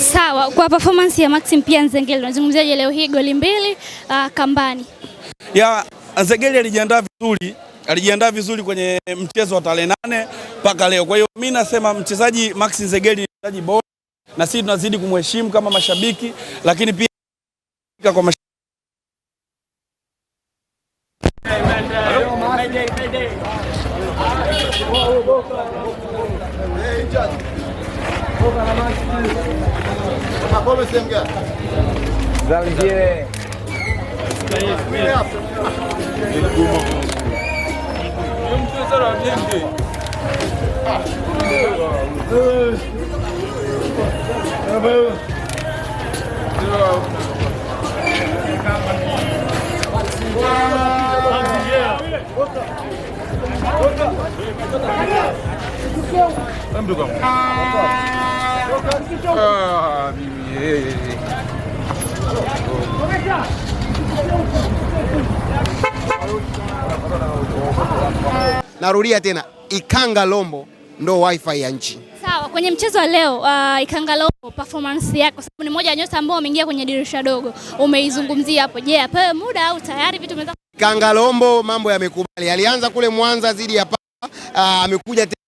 Sawa, kwa performance ya Maxim pia Nzengeli, unazungumziaje leo hii goli mbili uh, kambani? Ya Nzengeli alijiandaa vizuri, alijiandaa vizuri kwenye mchezo wa tarehe nane mpaka leo. Kwa hiyo mimi nasema mchezaji Maxim Nzengeli ni mchezaji bora na sisi tunazidi kumheshimu kama mashabiki, lakini pia kwa mashabiki z a v i y i e r e Vamos, Bilgão. Narudia tena Ikanga Lombo ndo wifi ya nchi. Sawa, kwenye mchezo wa leo uh, Ikanga Lombo performance yako, sababu ni moja ya nyota ambao wameingia kwenye dirisha dogo, umeizungumzia hapo. Je, apewe muda au tayari vitu vimeza? Ikanga Lombo mambo yamekubali, alianza kule Mwanza zidi ya Pamba, uh, amekuja uh,